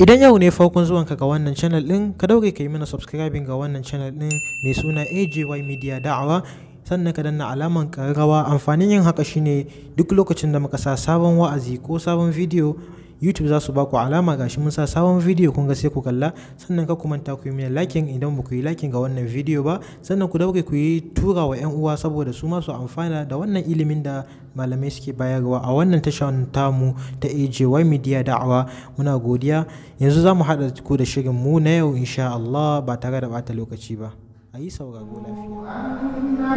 Idan yau ne farkon zuwanka ga wannan channel ɗin, ka dauke ka yi mana subscribing ga wannan channel ɗin mai suna AJY Media Da'awa sannan ka danna alaman karrawa amfanin yin haka shine duk lokacin da muka sa sabon wa'azi ko sabon bidiyo YouTube za su ku alama gashi mun sa sabon video kun ga sai ku kalla sannan ka kumanta ku yi mini liking idan ba ku yi liking ga wannan video ba sannan ku dauke ku yi tura wa yan uwa saboda su ma su amfana da wannan ilimin da malamai suke bayarwa a wannan tashar tamu ta AJY Media da'awa muna godiya yanzu za mu haɗa ku da shirin mu na yau insha Allah ba tare da bata lokaci ba a yi saurago lafiya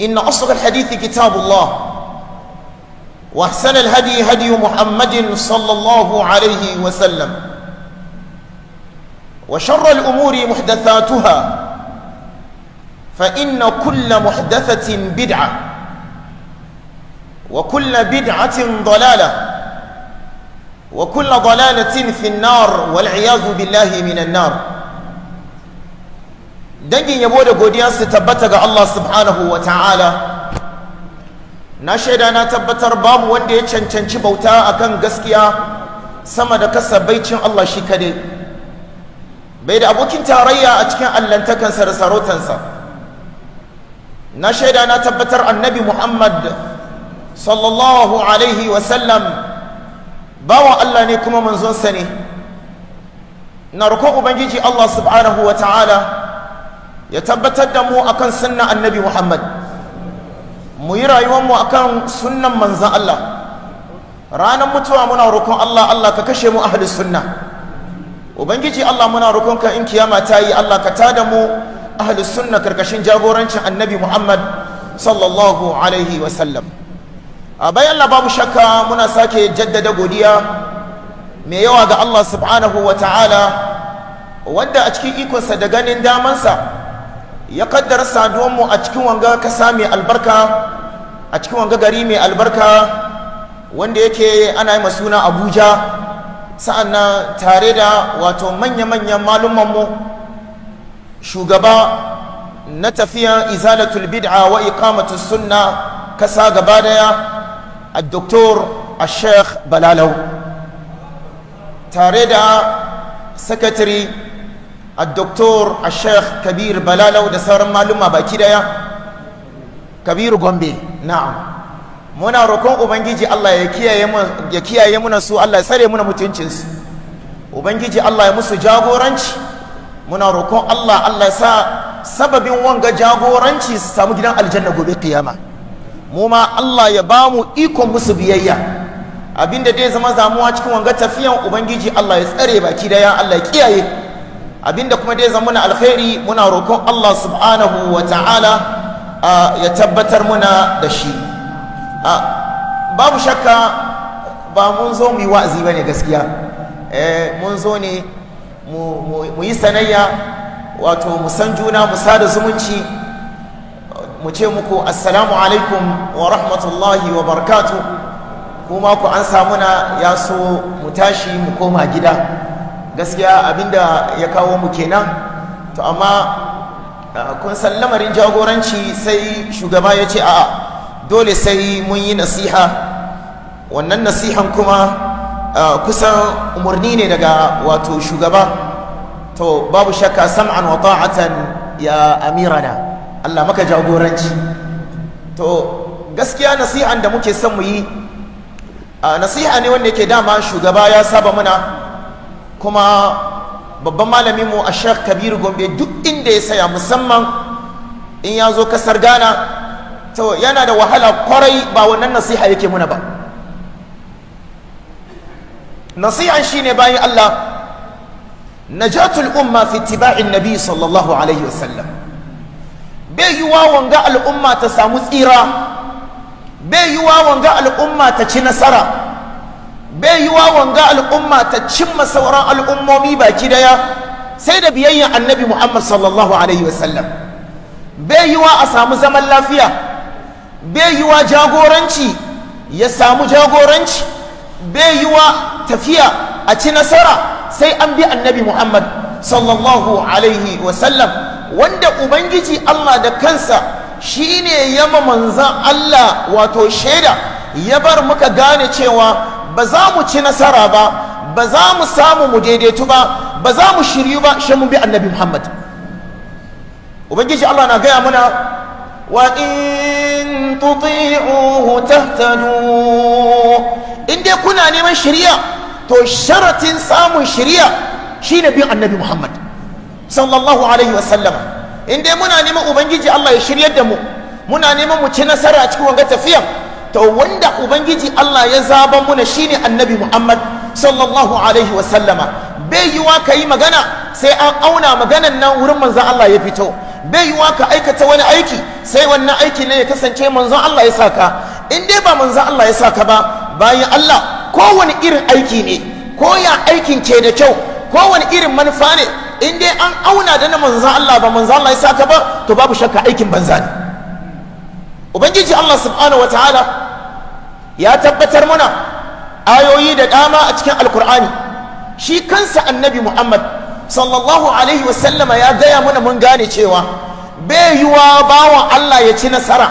إن أصل الحديث كتاب الله وأحسن الهدي هدي محمد صلى الله عليه وسلم وشر الأمور محدثاتها فإن كل محدثة بدعة وكل بدعة ضلالة وكل ضلالة في النار والعياذ بالله من النار dangin yabo da godiya su tabbata ga Allah subhanahu wa ta'ala na shaida na tabbatar babu wanda ya cancanci bauta akan gaskiya sama da kasa baicin Allah shi kade bai da abokin tarayya a cikin allantakansa da sarautansa na shaida na tabbatar annabi Muhammad sallallahu alaihi wasallam bawan Allah ne kuma manzonsa ne na rukun ubangiji Allah subhanahu wa ta'ala ya tabbatar da mu akan sunnan annabi muhammad mu yi rayuwarmu akan sunnan manzan allah ranar mutuwa muna roƙon allah allah ka kashe mu ahli sunna ubangiji allah muna roƙon ka in kiyama ta yi allah ka tada mu ahli sunna karkashin jagorancin annabi muhammad sallallahu alaihi sallam. a bayan babu shakka muna sake jaddada godiya mai yawa ga Allah subhanahu wa ta'ala wanda a cikin ikonsa da ganin damansa ya kaddara saduwanmu a cikin wanga kasa mai albarka a cikin wanga gari mai albarka wanda yake ana yi suna abuja sa'an na tare da wato manya-manyan malumanmu shugaba na tafiyan izalatul bid'a wa iqamatu sunna kasa gaba daya a doktor a sheikh balalau tare da sakatari a sheikh kabir balalau da sauran maluma baki daya kabiru gombe na'am muna roƙon ubangiji Allah ya kiyaye muna su Allah ya tsare muna mutuncinsu. ubangiji Allah ya musu jagoranci muna roƙon Allah Allah ya sa sababin wanga jagoranci su samu gidan aljanna gobe kiyama mu ma Allah ya ba mu ikon musu biyayya abinda dai zama zamuwa cikin wanga tafiyan ubangiji Allah ya tsare baki daya Allah ya kiyaye abinda kuma dai zama muna alkhairi muna roƙon Allah subhanahu wa ta'ala ya tabbatar muna da shi babu shakka ba mun zo mu yi wa'azi ba ne gaskiya eh, mun zo ne mu yi sanayya wato musan juna musa da zumunci mu ce muku assalamu alaikum wa rahmatullahi wa barakatu kuma ku an samuna ya so mu tashi mu koma gida gaskiya abinda ya kawo mu kenan to amma kun san lamarin jagoranci sai shugaba ya ce a'a dole sai mun yi nasiha wannan nasihan kuma kusan umarni ne daga wato shugaba to babu shakka sam'an wa ta'atan ya amirana Allah maka jagoranci to gaskiya nasihan da muke son mu yi nasiha ne wanda yake dama shugaba ya saba muna? kuma babban malamin mu Sheikh Kabiru Gombe duk inda ya saya musamman in ya zo kasar Ghana to yana da wahala kwarai ba wannan nasiha yake muna ba nasiha shine bayan Allah najatul umma fi ittiba'in nabi sallallahu alaihi wasallam bai yiwa wanga al'umma ta samu tsira bai yiwa wanga al'umma ta ci nasara bai yi wa wanga al'umma ta cimma sauran al'ummomi baki daya sai da biyayyan annabi muhammad sallallahu alaihi wasallam bai yi wa a samu zaman lafiya bai yi wa jagoranci ya samu jagoranci bai yi wa tafiya a ci nasara sai an bi annabi muhammad sallallahu alaihi wasallam wanda ubangiji allah da kansa shine yama manzan allah wato shaida ya bar muka gane cewa ba za mu ci nasara ba ba za mu samu mu daidaitu ba ba za mu shiryu ba shi mun bi annabi muhammad ubangiji allah na gaya mana wa in tuti'uhu tahtadu in dai kuna neman shirya to sharatin samun shirya shine bin annabi muhammad sallallahu alaihi wasallama in dai muna neman ubangiji allah ya shiryar da mu muna neman mu ci nasara cikin wanga tafiyan to wanda ubangiji Allah ya zaba muna shine annabi Muhammad sallallahu alaihi wa sallama. bai yi wa kai magana sai an auna maganan nan wurin manzon Allah ya fito bai yi wa ka aikata wani aiki sai wannan aiki ne ya kasance manzon Allah ya saka in dai ba manzon Allah ya saka ba bayan Allah kowane irin aiki ne ko ya aikin ke da kyau Ko wani irin manufa ne in dai an auna da na manzon Allah ba manzon Allah ya saka ba to babu shakka aikin banza ne ubangiji Allah subhanahu wataala ya tabbatar mana ayoyi da dama a cikin alkur'ani shi kansa annabi muhammad sallallahu alaihi wasallama ya gaya mana mun gane cewa bai yiwa bawan allah ya ci nasara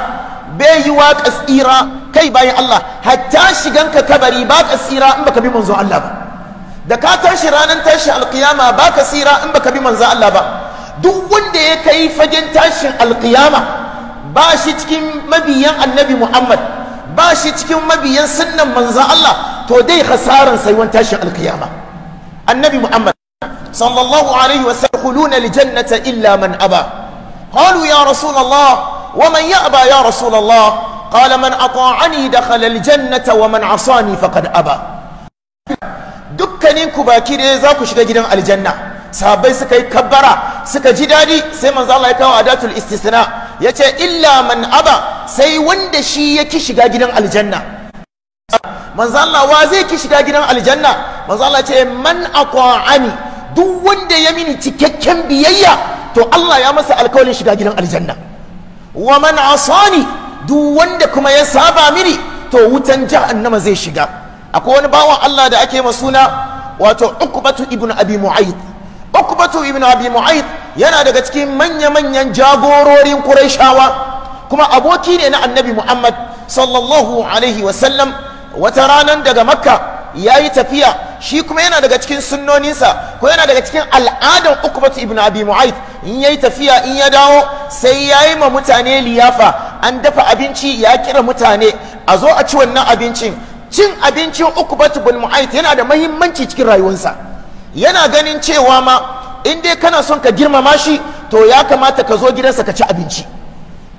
bai yiwa kasira kai bayan allah hatta shigan ka kabari ba kasira in baka bi manzo allah ba da ka tashi ranar tashi alkiyama ba kasira in baka bi manzo allah ba duk wanda ya kai fagen tashin alkiyama ba shi cikin mabiyan annabi muhammad ba shi cikin mabiyan sunnan manzan Allah to dai hasaran saiwan tashin alkiyama annabi muhammad sallallahu alaihi wa sallam aljannata illa man aba qalu ya rasul Allah wa man ya'ba ya rasul Allah qala man ata'ani dakhala aljannata wa man asani faqad aba dukkanin ku baki dai za ku shiga gidan aljanna sahabbai suka yi kabbara suka ji dadi sai manzo Allah ya kawo adatul istisna ya ce illa man aba sai wanda shi ya ki shiga gidan aljanna manzo Allah wa zai ki shiga gidan aljanna manzo Allah ce man aqa'ani duk wanda ya mini cikakken biyayya to Allah ya masa alkawarin shiga gidan aljanna wa man asani duk wanda kuma ya saba mini to wutan jahannama zai shiga akwai wani bawan Allah da ake masuna wato ukbatu ibnu abi mu'ayyid ukbatu ibn abi mu'ayd yana daga cikin manya-manyan jagororin qurayshawa kuma aboki ne na annabi muhammad sallallahu alaihi wasallam wata ranar daga makka ya yi tafiya shi kuma yana daga cikin sunnoninsa ko yana daga cikin al'adan ukubatu ibn abi mu'ayyid in yayi tafiya in ya dawo sai ya yi ma mutane liyafa an dafa abinci ya kira mutane a zo a ci wannan abincin cin abincin ukubatu ibn mu'ayyid yana da mahimmanci cikin rayuwarsa yana ganin cewa ma in dai kana son ka girmama shi to ya kamata ka zo gidansa ka ci abinci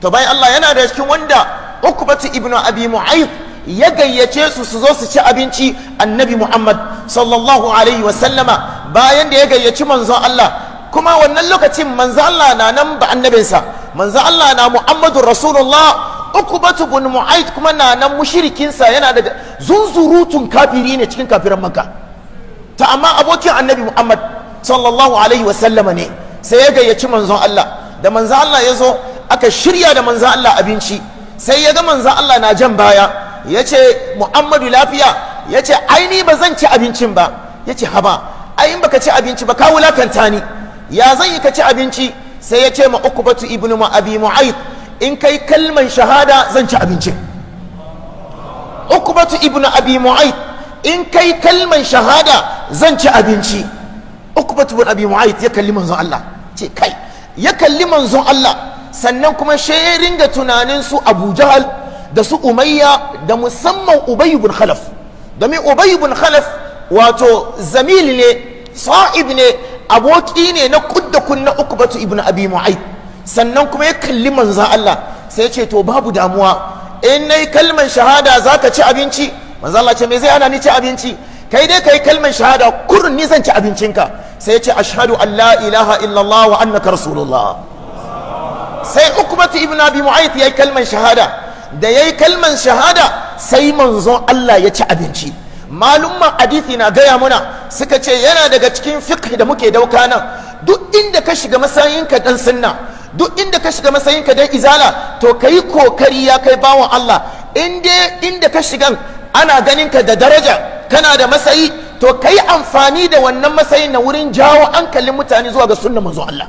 to bayan Allah yana da cikin wanda ukubatu ibnu abi mu'ayyib ya gayyace su su zo su ci abinci annabi muhammad sallallahu alaihi wa sallama bayan da ya gayyaci manzon Allah kuma wannan lokacin manzon Allah na nan ba annabinsa manzon Allah na muhammadur rasulullah ukubatu ibnu mu'ayyib kuma na nan sa yana da zunzurutun kafiri ne cikin kafiran makka Ta amma abokin annabi muhammad sallallahu alaihi wasallama ne sai ya gayyaci manzon allah da manzon allah ya zo aka shirya da manzon allah abinci sai ya ga manzon allah na jan baya ya ce muhammadu lafiya ya ce aini ba zan ci abincin ba ya ce haba ayin baka ci abinci ba ka wulakanta ni ya zan yi ka ci abinci sai ya ce ma ukubatu ibnu ma mu'ayyid in kai kalman shahada zan ci abinci. ukubatu ibnu abi mu'ayyid in kai kalman shahada zan ci abinci abi ya kalli manzon Allah ce kai ya kalli manzon Allah sannan kuma she da ringa tunanin su Abu Jahal da su Umayya da musamman Ubay bin Khalaf domin Ubay Khalaf wato Zamili ne sa'ib ne aboki ne na kudda kunna ukbatu ibn abi sannan kuma ya kalli manzon Allah sai ya ce to babu damuwa in nayi kalman shahada zaka ci abinci manzo Allah ce me zai ana ni ci abinci kai dai kai kalmar shahada kurun zan ci abincinka sai ya ce ashhadu an la ilaha illallah wa annaka rasulullah sai ukbatu ibn abi mu'ayth yayi kalmar shahada da yayi kalmar shahada sai manzo Allah ya ci abinci malumman hadisi na gaya muna suka ce yana daga cikin fiqh da muke dauka nan duk inda ka shiga masayinka dan sunna duk inda ka shiga masayinka dan izala to kai kokari ya kai bawan Allah inda inda ka shigan ana ganin ka da daraja kana da matsayi to kai amfani da wannan matsayin na wurin jawo hankalin mutane zuwa ga sunna manzon Allah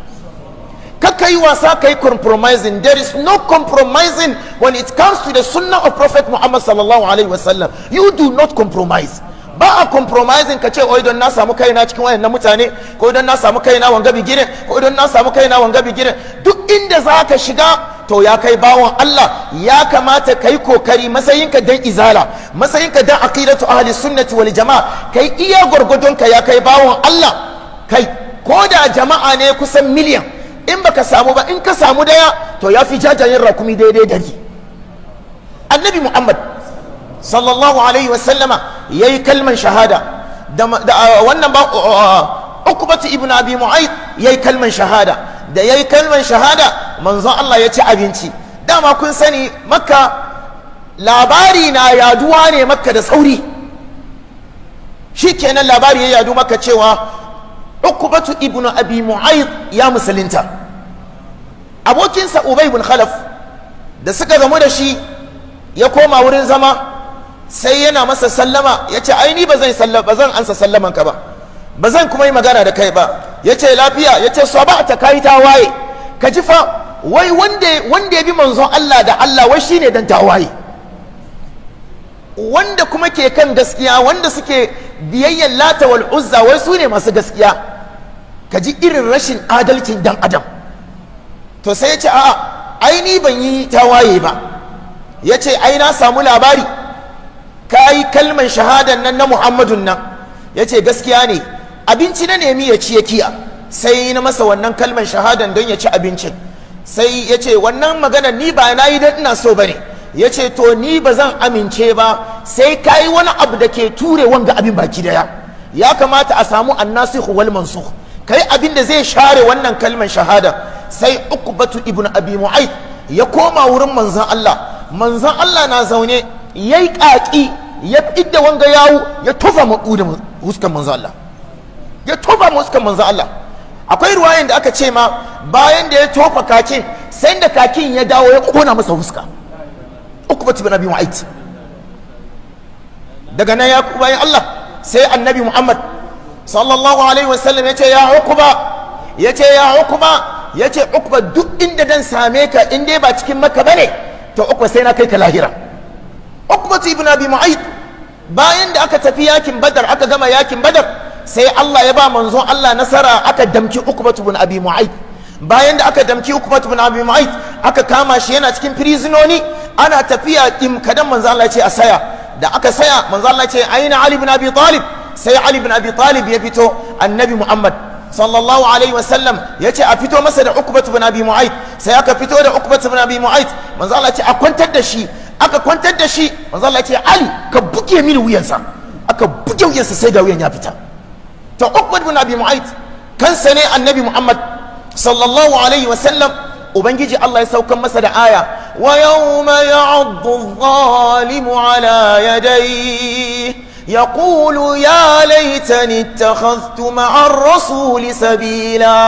kaka yi wasa ka yi compromising there is no compromising when it comes to the sunna of prophet muhammad sallallahu alaihi wasallam you do not compromise ba a compromising ka ce oi don na samu kaina cikin wayannan mutane ko don na samu kaina wanga bigire ko don na samu kaina wanga bigire duk inda za ka shiga to ya kai bawan Allah ya kamata kai kokari matsayinka dan izala matsayinka dan aqidatu ahli sunnati wal jamaa kai iya ka ya kai bawan Allah kai ko da jama'a ne kusan miliyan in baka samu ba in ka samu daya to ya fi jajayen rakumi daidai dari annabi muhammad sallallahu alaihi sallama, ya yi kalman shahada da wannan ba ukubatu ibn abi mu'ayyid ya yi kalman shahada da ya yi kalman shahada manzon Allah ya ci abinci dama kun sani makka labari na yaduwa ne makka da sauri shikenan labari ya yadu makka cewa ukubatu ibnu abi mu'ayyid ya musulunta abokinsa ubay ibn khalaf da suka gamu da shi ya koma wurin zama sai yana masa sallama ya ce aini ba zan ansa sallaman ka ba bazan kuma yi magana da kai ba ya ce lafiya ya ce sabata ba ta kai ta waye ka ji fa wai wanda ya bi manzon Allah da Allah wai shine dan tawaye wanda kuma ke kan gaskiya wanda suke biyayyan lata wal uzza wai su ne masu gaskiya ka ji irin rashin adalcin dan adam to sai ya ce a'a ai ni ban yi tawaye ba ya ce ai na samu labari ka yi kalman shahadan nan na muhammadun nan ya ce gaskiya ne abinci na nemi ya ci ya kiya sai na masa wannan kalman shahadan don ya ci abincin sai ya ce wannan magana ni ba na yi ina so ba ne ya ce to ni ba zan amince ba sai ka yi wani abu da ke ture wanga abin baki daya ya kamata a samu annasihu wal mansukh kai abin da zai share wannan kalmar shahada sai uku ukubatu ibn abi mu'ayd ya koma wurin manzon Allah manzon Allah na zaune yayi kaki ya idda wanga yawo ya tofa mu da huskan manzon Allah akwai ruwayan da aka ce ma bayan da ya tofa kakin sai da kakin ya dawo ya kona masa fuska uku batu nabi mu'ait daga nan ya bayan Allah sai annabi Muhammad sallallahu alaihi wasallam ya ce ya ukuba ya ce ya ukuba ya ce ukuba duk inda dan same ka in dai ba cikin maka bane to ukuba sai na kai ka lahira ukuba ibn abi mu'ait bayan da aka tafi yakin badar aka gama yakin badar sai Allah ya ba manzon Allah nasara aka damki ukubatu bin abi mu'ayt bayan da aka damki ukubatu bin abi mu'ayt aka kama shi yana cikin prisononi ana tafiya kim kadan manzon Allah ya ce a saya da aka saya manzon Allah ya ce aina ali bin abi talib sai ali bin abi talib ya fito annabi muhammad sallallahu alaihi wasallam ya ce a fito masa da ukubatu bin abi mu'ayt sai aka fito da ukubatu bin abi mu'ayt manzon Allah ce a kwantar da shi aka kwantar da shi manzon Allah ce ali ka buge mini wuyansa aka buge wuyansa sai ga wuyan ya fita to ukbad bin abi mu'ayt kansa ne annabi muhammad sallallahu alaihi wasallam ubangiji Allah ya saukan masa da aya wa yawma ya'addu adh-dhalimu ala yadayhi يقول يا ليتني اتخذت مع الرسول سبيلا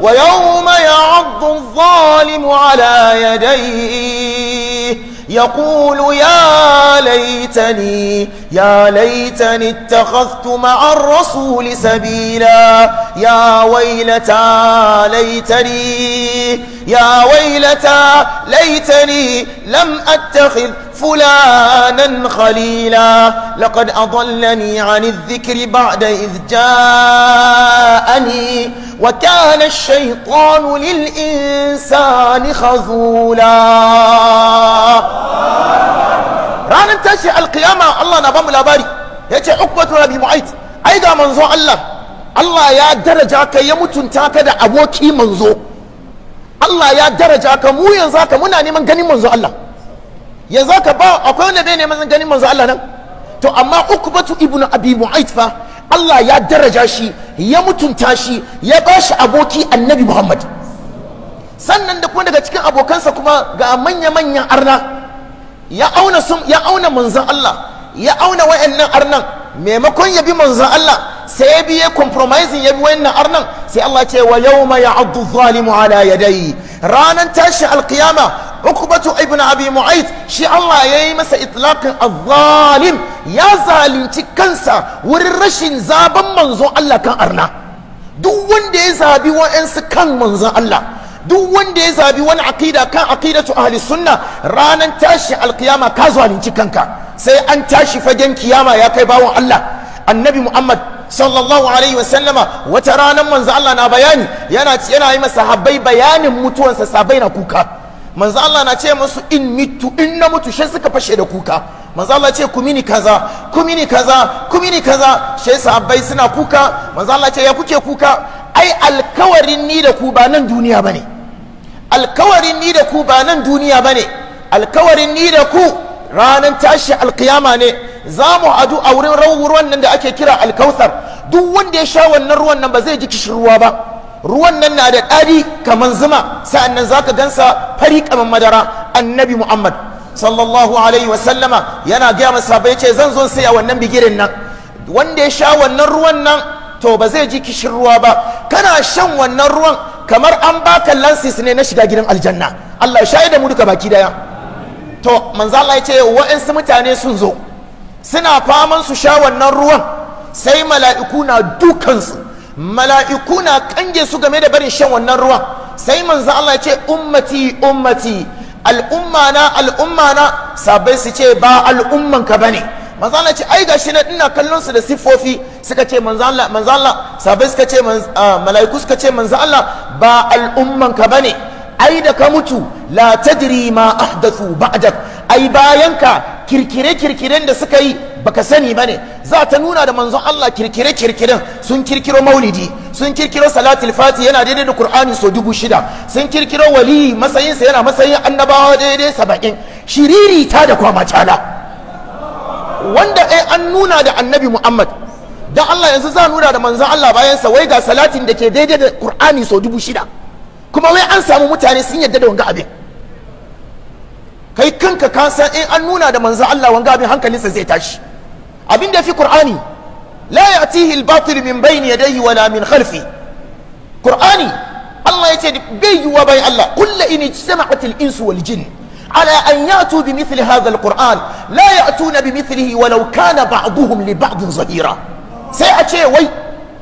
ويوم يعض الظالم على يديه يقول يا ليتني يا ليتني اتخذت مع الرسول سبيلا يا ويلتا ليتني يا ويلتى ليتني لم أتخذ فلانا خليلا لقد أضلني عن الذكر بعد إذ جاءني وكان الشيطان للإنسان خذولا رانا تشي القيامة الله نبام الأباري يتي عقبة ربي معيت أيضا منزو الله الله يا درجاك يمتن تاكد أبوكي منزو الله يا درجاك مو ينزاك منا نمان غني منزو الله yanzu ka ba akwai wanda bai neman ganin manzo Allah nan to amma ukbatu ibnu abi mu'ayt Allah ya daraja shi ya mutunta shi ya ba shi aboki annabi Muhammad sannan da kuma daga cikin abokansa kuma ga manya-manyan arna ya auna sun ya auna manzon Allah ya auna wayannan arnan maimakon ya bi manzon Allah sai ya bi ya compromising ya bi wayannan arnan sai Allah ce wa yawma ya'addu zalimu ala yadayhi ranan tashi alkiyama ukubatu ibn abi mu'ayth shi Allah ya yi masa itlaqin azzalim ya zalunci kansa wurin rashin zaben manzon Allah kan arna duk wanda ya zabi wa'ansu kan manzon Allah duk wanda ya zabi wani aqida kan aqidatu ahli sunna ranan tashi alkiyama ka zalunci kanka sai an tashi fagen kiyama ya kai bawon Allah annabi Muhammad sallallahu alaihi wasallama wata ranar manzo Allah na bayani yana yana yi masa bayanin mutuwansa sabai na kuka manzo Allah na ce musu in mitu in na mutu shi suka fashe da kuka manzo Allah ce ku mini kaza ku mini kaza ku mini kaza shi sahabbai suna kuka manzo Allah ce ya kuke kuka ai alkawarin ni da ku ba nan duniya bane alkawarin ni da ku ba nan duniya bane alkawarin ni da ku ranar tashi alkiyama ne za mu hadu a wurin rawar nan da ake kira alkausar. duk wanda ya sha wannan ruwan nan ba zai ji ruwa ba ruwan nan na da ɗari kaman zuma za zaka gansa fari kaman madara annabi muhammad sallallahu alaihi wasallama yana gaya masa bai ce zan zo sai a wannan bigirin nan wanda ya sha wannan ruwan nan to ba zai ji ruwa ba kana shan wannan ruwan kamar an baka lansis ne na shiga gidan aljanna Allah ya shaida mu duka baki daya to manzo Allah ya ce wa'ansu mutane sun zo suna faman su sha wannan ruwan sai mala'iku na dukansu mala'iku na kange su game da barin shan wannan ruwa sai manzo Allah ya ce ummati ummati al'umma na al'umma na sabai su ce ba al'umman ka bane manzo Allah ce ai gashi na ina kallon su da siffofi suka ce manzo Allah manzo Allah sabai suka ce ah, mala'iku suka ce manzo Allah ba al'umman ka bane ai da ka mutu la tadri ma ahdathu ba'dak ai bayanka kirkire kirkiren da suka yi baka sani ba ne za ta nuna da manzon Allah kirkire kirkiren sun kirkiro maulidi sun kirkiro salatul fati yana daidai da qur'ani so dubu shida sun kirkiro wali matsayin sa yana matsayin annabawa daidai saba'in shiriri ta da kwama cala wanda ai an nuna da annabi muhammad da Allah yanzu za nuna da manzon Allah bayan sa wai ga salatin da ke daidai da qur'ani so dubu shida kuma wai an samu mutane sun yadda da wanga abin kai kanka ka san in an nuna da manzo Allah wanga abin hankalinsa zai tashi abin da ya fi qur'ani la ya'tihi al-batil min bayni yadayhi wala min khalfi ƙur'ani Allah ya ce bai yiwuwa bai Allah kullu in ijtama'at al-insu wal jinn على أن يأتوا بمثل هذا القرآن لا يأتون بمثله ولو كان بعضهم لبعض ظهيرا sai a ce wai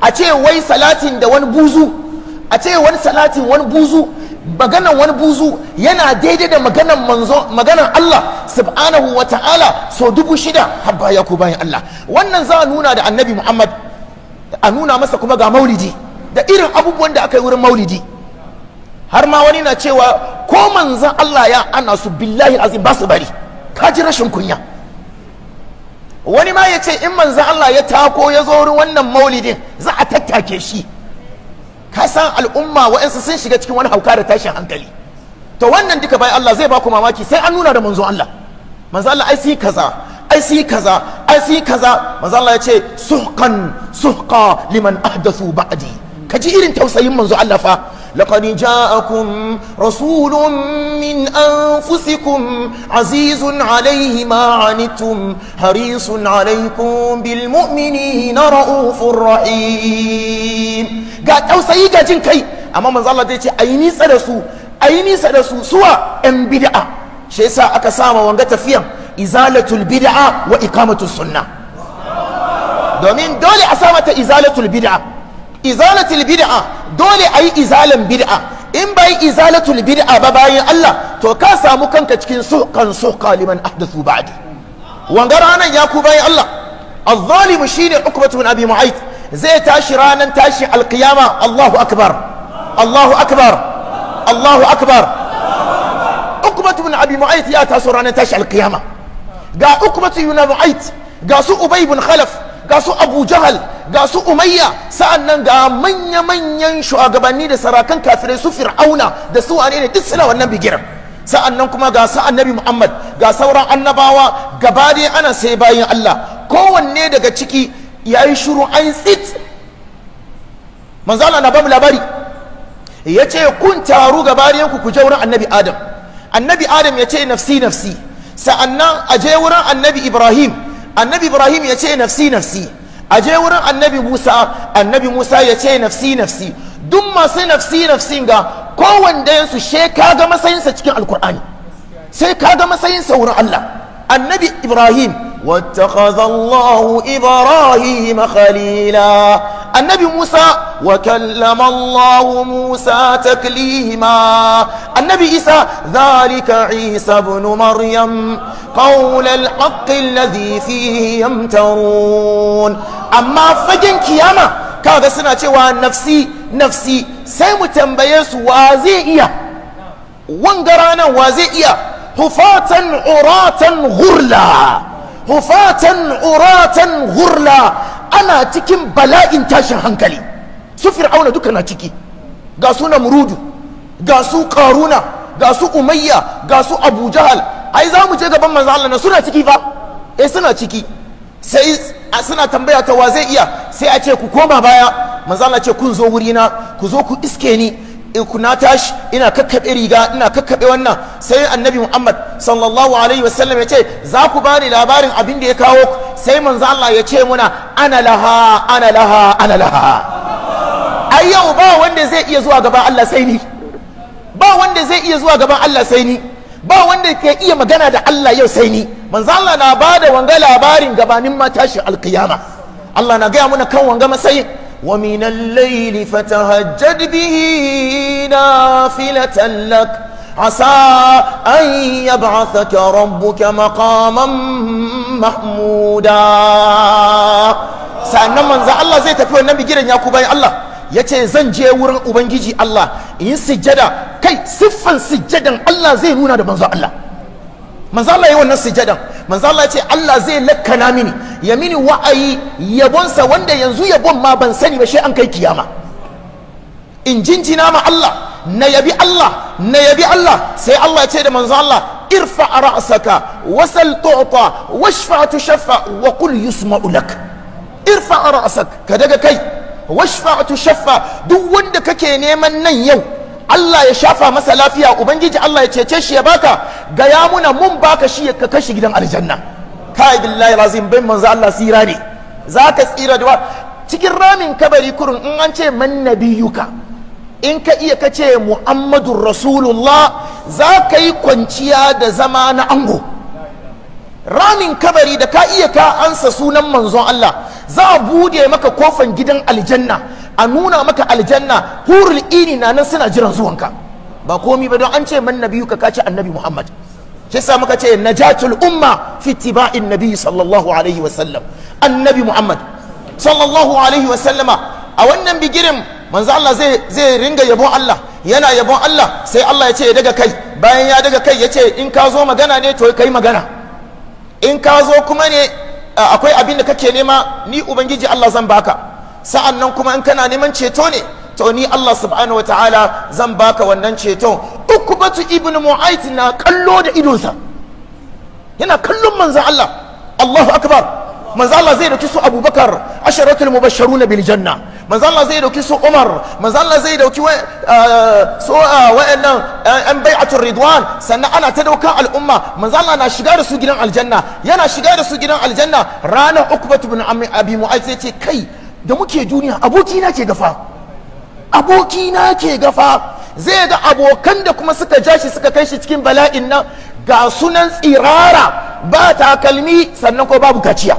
a ce wai salatin da wani buzu a ce wani salati wani buzu maganan wani buzu yana daidai da maganan manzo maganan Allah subhanahu wa ta'ala so dubu shida habba ya ku bayan Allah wannan za a nuna da annabi Muhammad a nuna masa kuma ga maulidi da irin abubuwan da aka yi wurin maulidi har ma wani na cewa ko manzan Allah ya ana su billahi azim ba su bari ka ji rashin kunya wani ma ya ce in manzan Allah ya tako ya zo wurin wannan maulidin za a tattake shi ka san al'umma wa'ansu sun shiga cikin wani hauka da tashin hankali to wannan duka bai Allah zai ba ku mamaki sai an nuna da manzo Allah manzo Allah ai sai kaza ai sai kaza ai sai kaza manzo Allah ya ce suhqan suhqa liman ahdathu ba'di kaji irin tausayin manzo Allah fa لقد جاءكم رسول من أنفسكم عزيز عليه ما عنتم حريص عليكم بالمؤمنين رؤوف رحيم ga tausayi ga jin kai amma manzo Allah zai ce ayi nisa da su ayi nisa da su suwa yan bid'a shi yasa aka sama wanga tafiyan izalatul bid'a wa iqamatus sunna domin dole a sama mata izalatul bid'a izalatul bid'a dole ayi izalan bid'a in bai izalatul bid'a ba bayan Allah to ka samu kanka cikin su sukan su liman ahdathu ba'di wanga ranan ya ku Allah الظالم شيني عقبة بن أبي معيط zai tashi ranar tashi alkiyama Allahu akbar Allahu akbar Allahu akbar ukbatu bin abi mu'ayt ya taso ranar tashi alkiyama ga ukbatu bin mu'ayt ga su ubay bin khalaf ga su abu jahal ga su umayya nan ga manya-manyan shugabanni da sarakan kafirai su fir'auna da su wane ne duk suna wannan bigiran nan kuma ga sa annabi Muhammad ga sauran annabawa gaba dai ana sai bayan Allah kowanne daga ciki ya yi shuru an tsit manzo na ba mu labari ya ce kun taru gabaninku ku ku je wurin annabi adam annabi adam ya ce nafsi nafsi sa'annan a je wurin annabi ibrahim annabi ibrahim ya ce nafsi nafsi a je wurin annabi musa annabi musa ya ce nafsi nafsi duk masu nafsi nafsi ga kowanne su she ka ga matsayinsa cikin alkur'ani sai ka ga matsayinsa wurin allah annabi ibrahim واتخذ الله إبراهيم خليلا النبي موسى وكلم الله موسى تكليما النبي عيسى ذلك عيسى بن مريم قول الحق الذي فيه يمترون أما فجن كياما كذا سنة وان نفسي نفسي sai mu وازئيا وانقرانا وازئيا هفاتا عراتا غرلا hufatan uratan hurla ana cikin bala'in tashin hankali su fir'auna duka na ciki ga su murudu ga su karuna ga su umayya ga su abu jahal ai za mu je gaban manzo Allah na suna ciki fa eh suna ciki sai suna tambaya ta wa zai iya sai a ce ku koma baya manzo Allah ce kun zo wurina ku zo ku iske ni na tashi ina kakkaɓe riga ina kakkaɓe wannan sai annabi muhammad sallallahu alaihi wasallam ya ce za ku bani labarin abin da ya kawo ku. sai manzo Allah ya ce muna ana laha ana laha ana laha ai yau ba wanda zai iya zuwa gaban Allah sai ni ba wanda zai iya zuwa gaban Allah sai ni ba wanda ke iya magana da Allah yau sai ni manzo Allah na bada wanga labarin gabanin ma tashi alkiyama Allah na gaya muna kan wanga masayin ومن الليل فتهجد به نافلة لك عسى أن يبعثك ربك مقاما محمودا sa'annan manzo Allah zai tafi wannan bigiran ya bayan Allah ya ce zan je wurin ubangiji Allah in sujjada kai siffan sujjadan Allah zai nuna da manzo Allah manzo Allah yi wannan sujjadan manzo Allah ya ce Allah zai lakkana mini ya mini wa'ayi yabonsa wanda yanzu yabon ma ban sani ba shi an kai kiyama in jinjina ma Allah na yabi Allah na yabi Allah sai Allah ya ce da manzo Allah irfa ra'saka wasal tu'ta washfa tushaffa wa qul yusma'u lak irfa ra'sak ka daga kai washfa tushaffa duk wanda kake neman nan yau Allah ya shafa masa lafiya ubangiji Allah ya cece shi ya baka ga ya muna mun baka shi ka kashi gidan aljanna kai billahi lazim bai manzo Allah sira ne zaka tsira da cikin ramin kabari kurun in an ce man nabiyuka in ka iya ka ce muhammadun rasulullah za ka yi kwanciya da zama na ango ramin kabari da ka iya ka ansa sunan manzon Allah za a bude maka kofan gidan aljanna a nuna maka aljanna hurul ini na nan suna jiran zuwanka ba komi ba don an ce man nabiyuka ka ce annabi muhammad shi muka ce najatul umma fi tiba'in nabi sallallahu alaihi wasallam annabi muhammad sallallahu alaihi wasallama a wannan bigirin manzo Allah zai zai ringa yabon Allah yana yabon Allah sai Allah ya ce ya daga kai bayan ya daga kai ya ce in ka zo magana ne to kai magana in ka zo kuma ne akwai abin da kake nema ni ubangiji Allah zan baka sa'an nan kuma in kana neman ceto ne to ni Allah subhanahu wa ta'ala zan baka wannan ceton batu ibn mu'ayt na kallo da idonsa yana kallon manzon Allah Allahu akbar manzon Allah zai dauki su Abubakar asharatul mubashsharuna bil janna manzon Allah zai dauki su Umar manzon Allah zai dauki uh, su uh, wa'annan uh, an bai'atul ridwan sannan ana ta dauka al'umma manzon Allah na shiga da su gidan aljanna yana shiga da su gidan aljanna ranar ukubatu ibn abi mu'ayt zai ce kai da muke duniya abokina ke gafa Aboki na ke gafa zai ga abokan da kuma suka ja shi suka kai shi cikin bala'in nan ga sunan tsirara ba takalmi sannan ko babu kaciya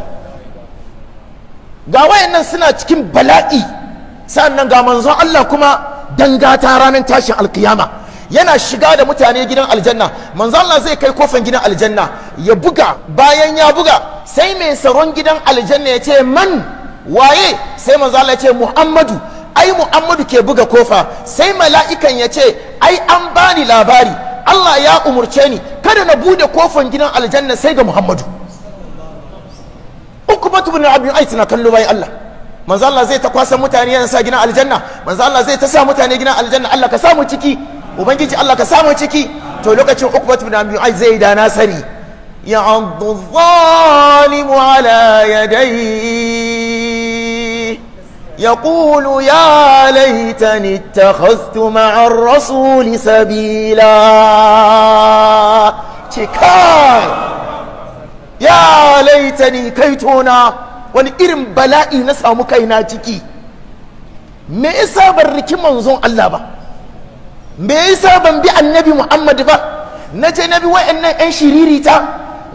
ga wayannan suna cikin bala'i sannan ga manzon Allah kuma dangata ranar tashin alkiyama yana shiga da mutane gidan aljanna manzo Allah zai kai kofan gidan aljanna ya buga bayan ya buga sai mai tsaron gidan aljanna ya ce man waye sai manzo Allah ya ce Muhammadu ai muhammadu ke buga kofa sai mala'ikan ya ce ai an bani labari allah ya umurce ni kada na bude kofan gidan aljanna sai ga muhammadu ukubatu bin abin aiti na kallo bayan allah manzo allah zai ta kwasa mutane yana sa gidan aljanna manzo allah zai ta sa mutane gidan aljanna allah ka samu ciki ubangiji allah ka samu ciki to lokacin ukubatu bin abin aiti zai da na sani يعض الظالم على يديه يقول يا ليتني اتخذت مع الرسول سبيلا cikai ya laitani kai tona wani irin bala'i na samu kaina ciki me yasa ban riki manzon Allah ba me yasa ban bi annabi Muhammad ba na je na bi wa'annan 'yan shiririta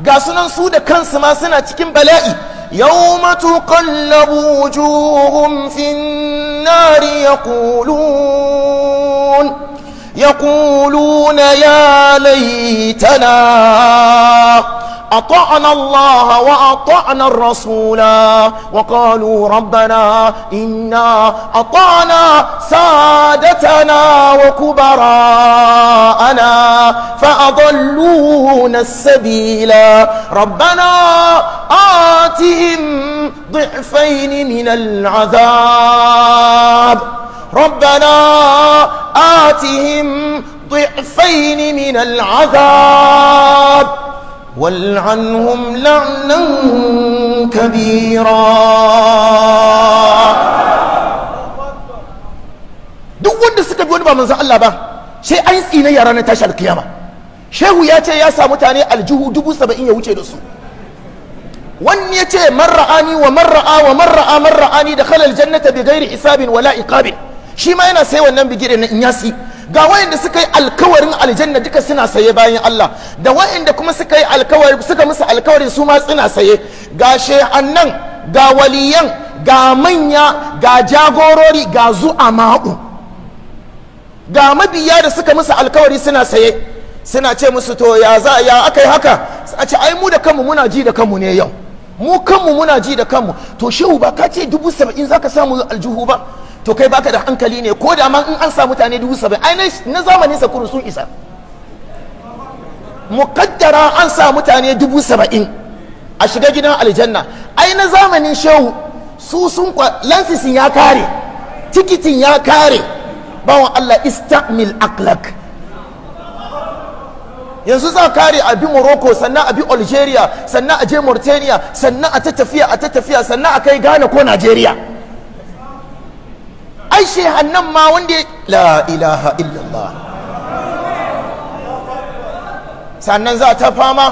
ga sunan su da kansu ma suna cikin bala'i يوم تقلب وجوههم في النار يقولون يقولون يا ليتنا أطعنا الله وأطعنا الرسول وقالوا ربنا إنا أطعنا سادتنا وكبراءنا فأضلونا السبيل ربنا آتهم ضعفين من العذاب ربنا آتهم ضعفين من العذاب والعنهم لعنا كبيرا duk wanda suka bi wani ba manzon Allah ba sai an tsine yara na tashi alkiyama shehu ya ce ya sa mutane aljihu dubu saba'in ya wuce da su wani ya ce marra'ani wa marra'a wa marra'a marra'ani da khalal jannata bi gairi isabin wala iqabin shi ma yana sai wannan bigire na in yasi ga wayanda suka yi alkawarin aljanna duka suna saye bayan Allah da wayanda kuma suka yi alkawari suka musu alkawarin su ma suna saye ga shehannan ga waliyan ga manya ga jagorori ga mau ga mabiya da suka musu alkawari suna saye suna ce musu to ya za ya aka yi haka a ce ai mu da kanmu muna ji da kanmu ne yau mu kanmu muna ji da kanmu to shehu ba ka ce dubu saba'in za ka samu aljuhu ba to kai baka da hankali ne ko da ma in an sa mutane dubu saba'in ai na zamani sa sun isa mukaddara an sa mutane dubu saba'in a shiga gidan aljanna ai na zamanin shehu su sun kwa lansisin ya kare tikitin ya kare bawan Allah istamil aklak yanzu za kare a bi morocco sannan a bi algeria sannan a je mauritania sannan a ta tafiya a ta tafiya sannan a kai ghana ko nigeria ai hannun ma wanda ya la ilaha illallah sannan za ta fama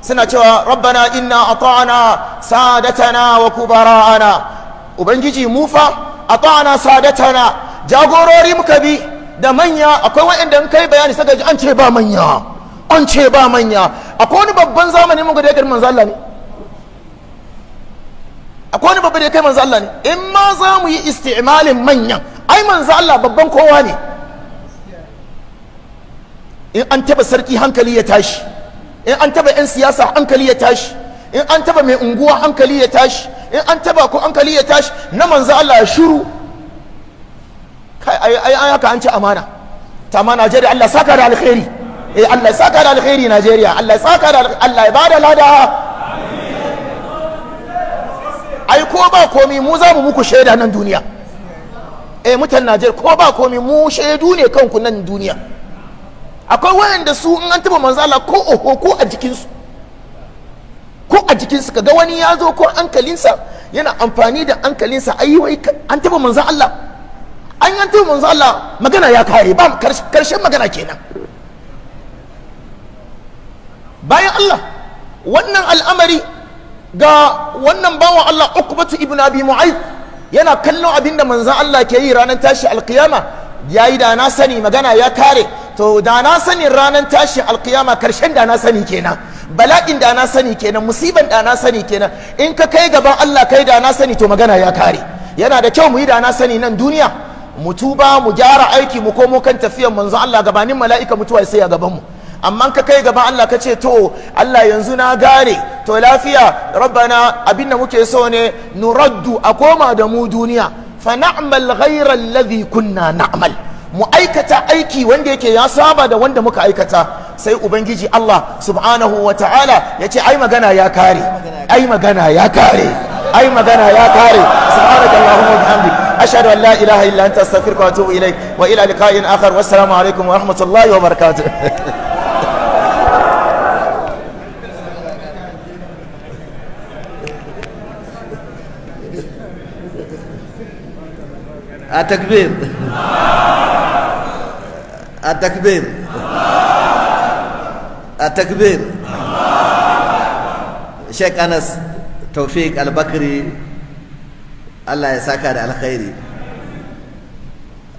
suna cewa rabbana inna ata'ana sadatana wa kubara'ana ubangiji mufa fa ata'ana sadatana jagorori muka bi da manya akwai waɗanda kai bayani saka ji an ce ba manya an ce ba manya akwai wani babban zamani mun ga da manzo ne akwai wani babba da ya kai manzo Allah ne in ma za mu yi isti'malin manyan ai manzo Allah babban kowa ne in an taba sarki hankali ya tashi in an taba yan siyasa hankali ya tashi in an taba mai unguwa hankali ya tashi in an taba ko hankali ya tashi na manzo Allah ya shiru kai ai ai haka an ci amana ta ma Najeriya Allah saka da alkhairi eh Allah saka da alkhairi Najeriya Allah saka da Allah ya bada lada ai ko ba komi mu za mu muku shaida nan duniya eh mutan Najeriya ko ba komi mu shaidu ne kanku nan duniya akwai wayanda su in an taba manzo ko oho ko a jikinsu ko a jikinsu ka ga wani ya zo ko ankalinsa yana amfani da ankalinsa ai wai an taba manzo Allah an yi an taba manzo Allah magana ya kare ba karshen magana kenan bayan Allah wannan al'amari ga wannan bawan Allah ukubatu ibn abi mu'ayyid yana kallon abin da manzon Allah ke yi ranar tashi alkiyama yayi da na sani magana ya kare to da na sani ranar tashi alkiyama karshen da na sani kenan bala'in da na sani kenan musiban da na sani kenan in ka kai gaban Allah kai da na sani to magana ya kare yana da kyau mu yi da na sani nan duniya mu tuba mu gyara aiki mu komo kan tafiyar manzon Allah gabanin mala'ika mutuwa sai a gaban mu amma ka kai gaban Allah ka ce to Allah yanzu na gane to lafiya rabbana abinda muke so ne nuraddu a koma da mu duniya fa na'mal ghayra alladhi kunna na'mal mu aikata aiki wanda yake ya saba da wanda muka aikata sai ubangiji Allah subhanahu wa ta'ala ya ce ai magana ya kare ai magana ya kare ai magana ya kare subhanakallahumma wa bihamdika أشهد أن لا إله إلا أنت أستغفرك وأتوب إليك وإلى لقاء آخر والسلام عليكم ورحمة الله وبركاته a takbir a takbir a takbir sheik anas taufik albakari allah ya da alkhairi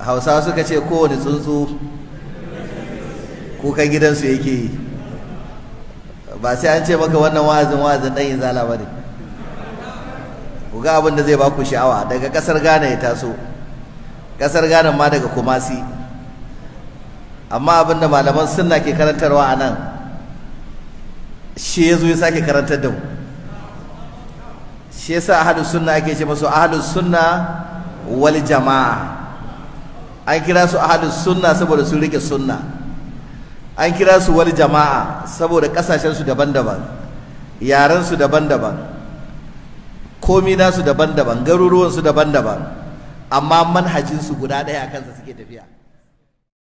hausawa suka ce kowane tsuntsu kukan gidansu yake yi ba sai an ce maka wannan wa'azin wa'azin ɗan yin zala ba ne ku ga abin da zai baku sha'awa daga ƙasar ghana ya taso kasar Ghana ma daga Kumasi amma abinda malaman sunna ke karantarwa a nan shi ya zo ya sake karantar da mu shi yasa ahlus sunna ake ce masu ahlus sunna wal jama'a an kira su ahlus sunna saboda sun rike sunna an kira su wal jama'a saboda kasashen su daban-daban yaran su daban-daban komi nasu daban-daban garuruwan su daban-daban amma manhajinsu guda ɗaya a kansa suke tafiya